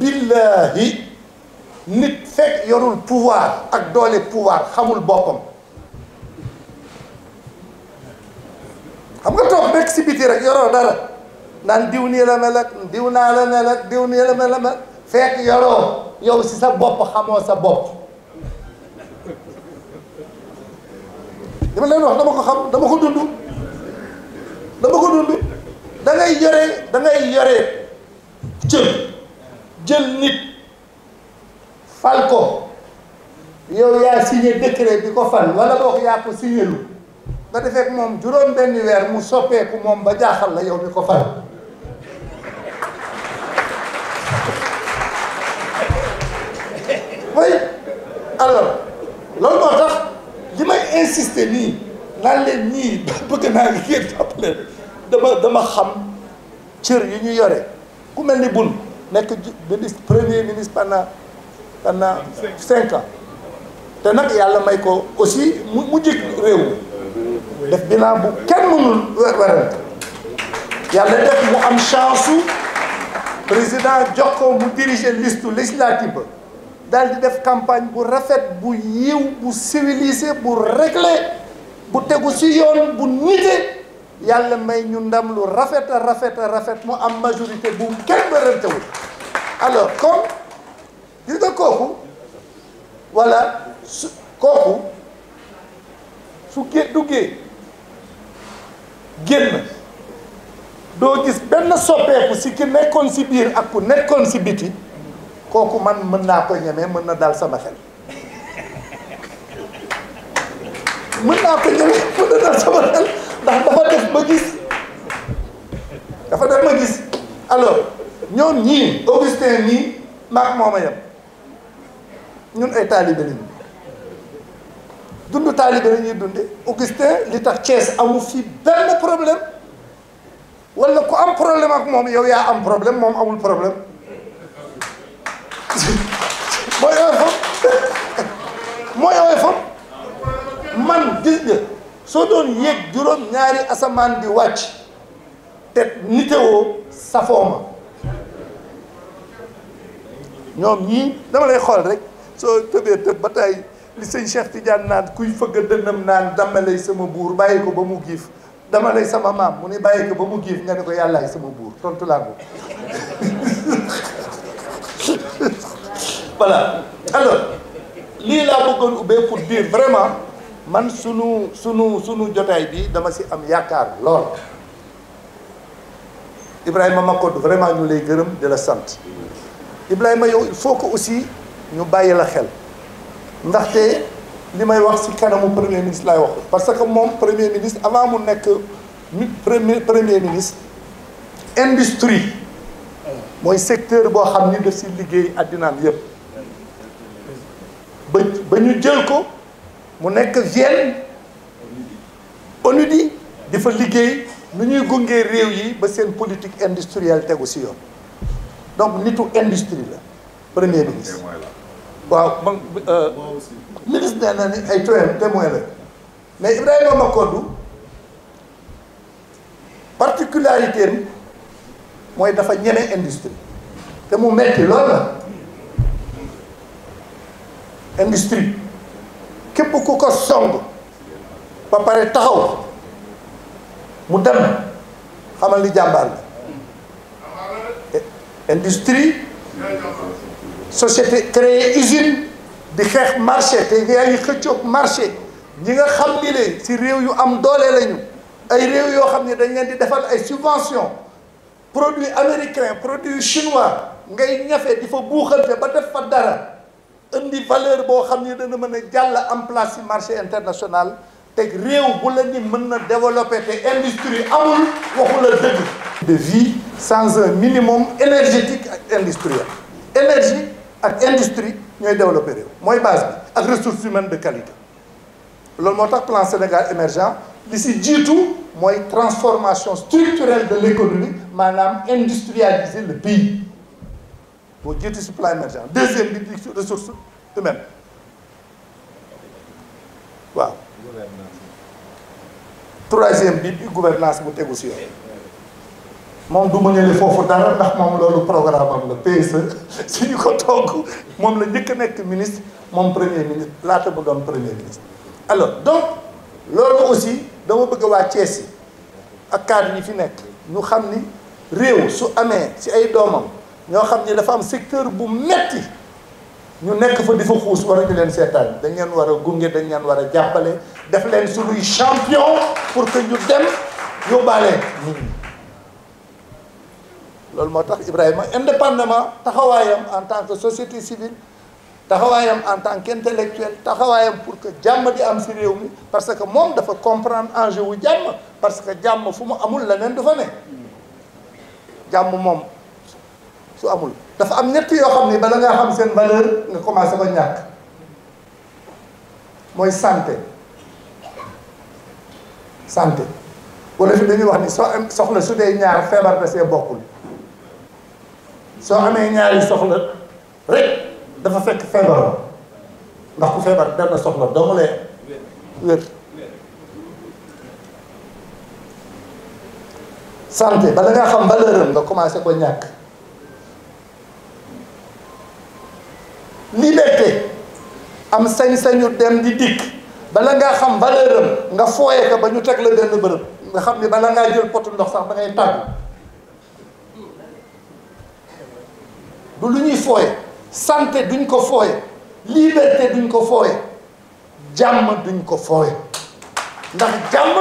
billaahi nit fekk yorul pouvoir ak doole pouvoir xamul boppam xam nga toog nekk si biti rek yoroo dara naan diw nii la mel ak diw naa la mel ak diw nii la mel fekk yoroo yow si sa bopp xamoo sa bopp dama leen wax dama ko xam dama ko dund dama ko dund da ngay yore da yore cër jël nit fal ko yow yaa signé décret bi ko fal wala boog yaa ko signé lu nga defeek moom juróom benn weer mu soppeeku moom ba jaaxal la yow bi ko fal oui alors loolu moo tax li may insister nii naan leen ñii bëgg naa ngi ngeen jàpp dama dama xam cër yu ñu yore ku mel ni bun nekk ministre premier ministre pendant pendant cinq ans te nag yàlla may ko aussi mu mu jik réew mi def bilan bu kenn mënul werante yàlla def mu am chance su président jox ko mu diriger liste législative ba daal di def campagne bu rafet bu yiw bu civilisé bu réglé bu tegu ci yoon bu nite yàlla may ñu ndam lu rafet a rafet a rafet mu am majorité bu kenn bërantewul alors kon gis nga kooku walla su kooku su gé duggee génn doo gis benn soppeeku si ki nekkoon si biir ak ku nekkoon si biti kooku man mën naa ko ñemee mën na daal sama xel mën naa ko ñemee mën na dal sama xel ndax dafa def ma gis dafa def ma gis alors ñoom ñii Augustin nii maak moom a yem ñun ay taalibe lañu dund taalibe la ñuy Augustin li tax Thiès amu fi benn problème wala ku am problème ak moom yow yaa am problème moom amul problème mooy ooy fop mooy ooy fop man gis nga soo doon yéeg juróom ñaari asamaan di wàcc te nitewoo safooma ñoom ñii dama lay xool rek soo tëbee tëb ba tey li sëñ Cheikh Tidiane naan kuy fëgg dënnam naan dama lay sama buur bàyyi ko ba mu giif dama lay sama maam mu ne bàyyi ko ba mu giif nga ne ko yàllaay sama buur tontu laa ko voilà alors lii laa bëggoon ubbee pour dire vraiment man sunu sunu sunu jotaay bi dama si am yaakaar lool Ibrahima Makodou vraiment ñu lay gërëm di la sant Ibrahima yow il faut que aussi ñu bàyyi la xel ndaxte li may wax si kanamu premier ministre laay wax parce que moom premier ministre avant mu nekk premier premier ministre industrie mooy secteur boo xam ni daf si liggéey àddinaan yépp ba ba ñu jël ko mu nekk Vienne ONUDI di fa liggéey nu ñuy gungee réew yi ba seen politique industrielle tegu si yoon donc nitu industrie la premier ministre waaw man euh, ministre nee na ni ay tooyam témoin la mais Ibrahima Makodou particularité am mooy dafa ñeme industrie te mu metti lool la industrie képp ku ko song ba pare taxaw mu dem xamal ni jàmbaar la e, industrie société créer usine di xeex marché te yaa ngi xëccoog marché ñi nga xam ni leen si réew yu am doole lañu ay réew yoo xam ne dañ leen di defal ay subvention produit américain produit chinois ngay ñafe di fa buuxante ba def fa dara indi valeur boo xam ni dana mën a jàll en place ci marché international teg réew bu la mën na développer te industrie amul waxu la dëgg de vie sans un minimum énergétique ak industriel énergie ak industrie ñooy développer réew mooy base bi ak ressources humaines de qualité loolu moo tax plan Sénégal émergent li si jiitu mooy transformation structurelle de l'économie maanaam industrialiser le pays moo jiitu ci plan émergent deuxième bi di ressource humaine waaw troisième bi di gouvernance bu tegu ci yoon moom du ma ngeen foofu dara ndax moom loolu programme am la PSE suñu ko togg moom la njëkk a nekk ministre moom premier ministre laata mu doon premier ministre alors donc loolu aussi dama bëgg waa Thiès yi ak cadre yi fi nekk ñu xam ni réew su amee ci ay doomam ñoo xam ni dafa am secteur bu metti ñu nekk fa di fa xuus war a ñu leen seetaan dañ leen war a gunge dañ leen war a jàppale def leen suñuy champion pour que ñu dem yóbbaale nit ñi loolu moo tax Ibrahima indépendamment taxawaayam en tant que société civile taxawaayam en tant qu'intellectuel taxawaayam pour que jàmm di am si réew mi parce que moom dafa comprendre enjeu wu jàmm parce que jàmm fu mu amul leneen du fa ne jàmm moom su amul dafa am ñett yoo xam ne bala ngaa xam seen valeur nga commencé ko ñàkk mooy santé santé wala fi dañuy wax ni soo am soxla su dee ñaar feebar da see bokkul soo amee ñaari soxla rek dafa fekk feebar ndax ku feebar benn soxla doomu lay wér santé bala ngaa xam valeur am nga commencé ko ñàkk liberté am sañ-sañu dem di dikk bala ngaa xam valeur nga fooyee ko ba ñu teg la benn bërëb nga xam ni bala ngaa jël potu ndox sax da ngay tàggu du lu ñuy fooye santé duñ ko fooye liberté duñ ko fooye jàmm duñ ko fooye ndax jàmm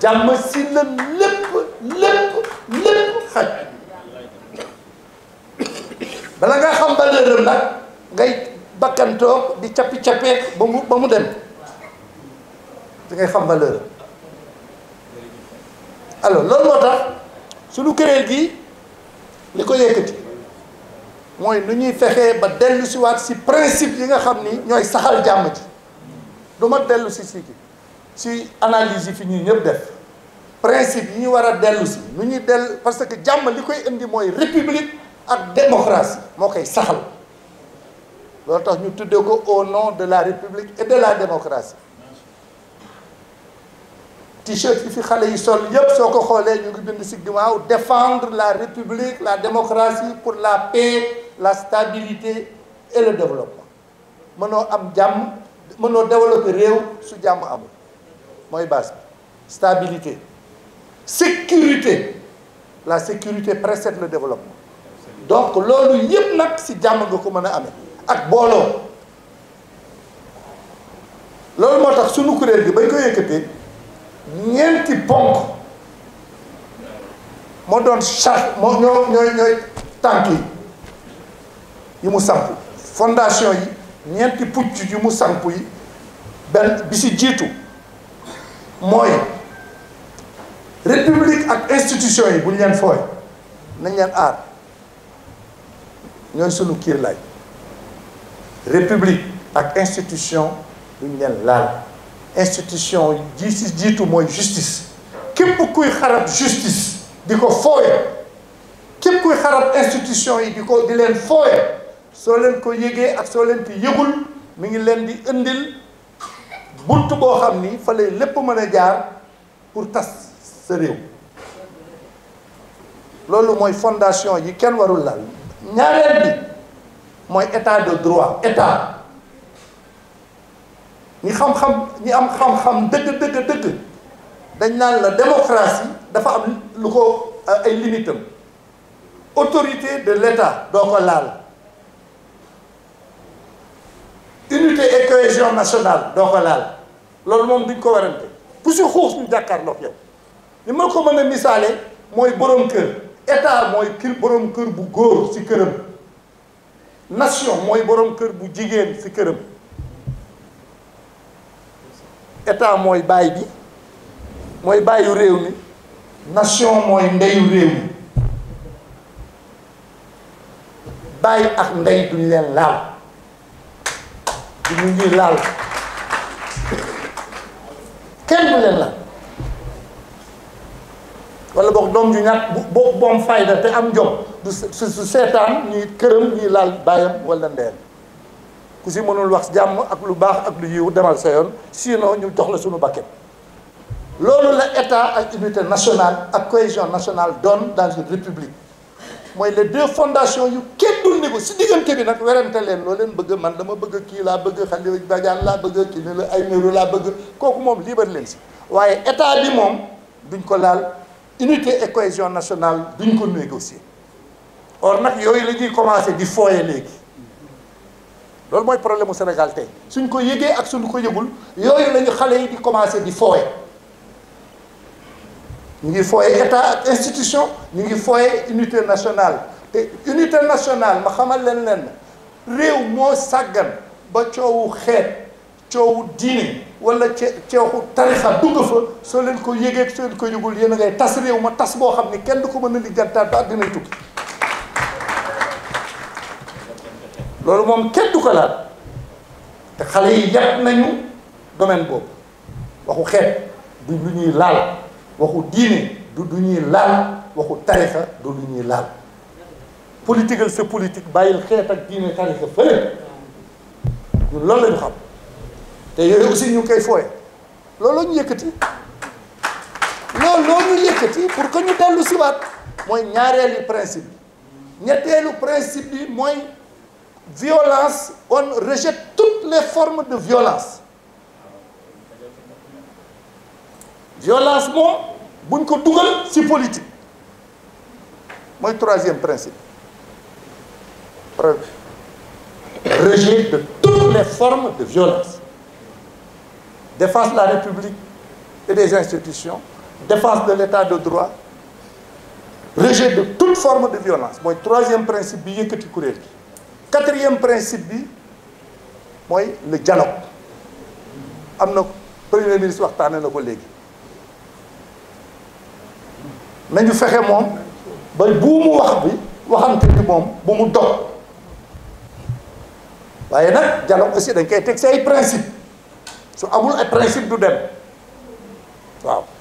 jàmm si la lépp lépp lépp xaj bala nga xam ba nag ngay bakkantoog di cappi cappeek ba mu ba mu dem da xam ba lëndëm loolu moo tax suñu kuréel gi li ko yëkkati mooy nu ñuy fexee ba dellu si waat si principe yi nga xam ni ñooy saxal jàmm ci du ma dellu si si si analyse yi fi ñuy ñëpp def principe yi ñu war a dellu si nu ñuy dell parce que jàmm li koy indi mooy république ak démocratie moo koy saxal loo tax ñu tuddee ko au nom de la république et de la démocratie t-shirt yi fi xale yi sol yépp soo ko xoolee ñu ngi bind si ginnaaw défendre la république la démocratie pour la paix la stabilité et le développement mënoo am jàmm mënoo développer réew su jàmm amul mooy base bi stabilité sécurité la sécurité précède le développement donc loolu yëpp nag si jàmm nga ko mën a amee ak booloo loolu moo tax sunu kuréel gi bañ ko yëkkatee ñeenti ponk moo doon charte moo ñoo ñooy ñooy tànk yi yu mu samp fondation yi ñeenti pucc yu mu samp yi benn bi ci jiitu mooy république ak institution yi bu ñu leen fooy nañ leen aar ñooy sunu laaj république ak institution duñ leen laal institution ji si jiitu mooy justice képp kuy xarab justice di ko fooye képp kuy xarab institution yi di ko di leen fooye soo leen ko yëgee ak soo leen ko yëgul mi ngi leen di indil bunt boo xam ni fa lay lépp mën a jaar pour tas sa réew loolu mooy fondation yi kenn warul laal ñaareel bi mooy état de droit état ñi xam-xam ñi am xam-xam dëgg dëgg dëgg dañ naan la démocratie dafa am lu ko euh, ay limitam autorité de l'état doo ko laal unité et cohésion nationale doo ko laal loolu moom duñ ko warante bu si xuus ñu jàkkaarloog yow ni ma ko mën a misaale mooy borom kër état mooy kër borom kër bu góor ci këram nation mooy boroom kër bu jigéen ci këram état mooy baay bi mooy baayu réew mi nation mooy ndeyu réew mi baay ak ndey duñ leen laal duñu ñuy laal doom ju ñàkk bu boom fayda te am jom du su seetaan ñuy këram ñuy laal baayam wala ndeyam ku si mënul wax jàmm ak lu baax ak lu yiw demal sa yoon sino ñu jox la suñu bakket loolu la état ak unité nationale ak cohésion nationale donne dans une république mooy les deux fondations yu kenn dul ni ko si diggante bi nag werante leen loo leen bëgg man dama bëgg kii laa bëgg Xalifa Badiane laa bëgg kii la laa bëgg kooku moom liibar leen si waaye état bi unité et cohésion nationale duñ ko négocier or nag yooyu lañuy ñuy commencé di fooye léegi loolu mooy problème mu Sénégal tey suñ ko yëgee ak suñ ko yëgul yooyu la xale yi di commencé di fooye ñu ngi fooye état ak institution ñu ngi fooye unité nationale te unité nationale ma xamal leen leen réew moo sàggan ba coowu xeet coowu diine wala ceexu tarixa dugg fa soo leen ko yëgee soo leen ko yëgul yéen a ngay tas réew ma tas boo xam ne kenn du ko mën a li jantaat ba àddinay tukki loolu moom kenn du ko laal te xale yi yàq nañu domaine boobu waxu xeet du lu ñuy laal waxu diine du du ñuy laal waxu tarixa du lu ñuy laal politique sa politique bàyyil xeet ak diine tarixa fële ñun loolu lañu xam te yooyu aussi ñu ngi koy fooye looloo ñu yëkkati looloo ñu yëkkati pour que ñu dellu siwaat mooy ñaareelu principe bi ñetteelu principe bi mooy violence on rejette toutes les formes de violence violence moom buñ ko dugal si politique mooy troisième principe rejet de toutes les formes de violence défense de la République et des institutions défense de l'état de droit rejet de toute forme de violence mooy troisième principe bi yëkkati kuréel gi quatrième principe bi mooy le dialogue am na premier ministre waxtaane la ko léegi nañu fexe moom ba bu wax bi waxante bi moom bu mu dox waaye nag dialogue aussi dañ koy teg say principe su amul ay principe du dem waaw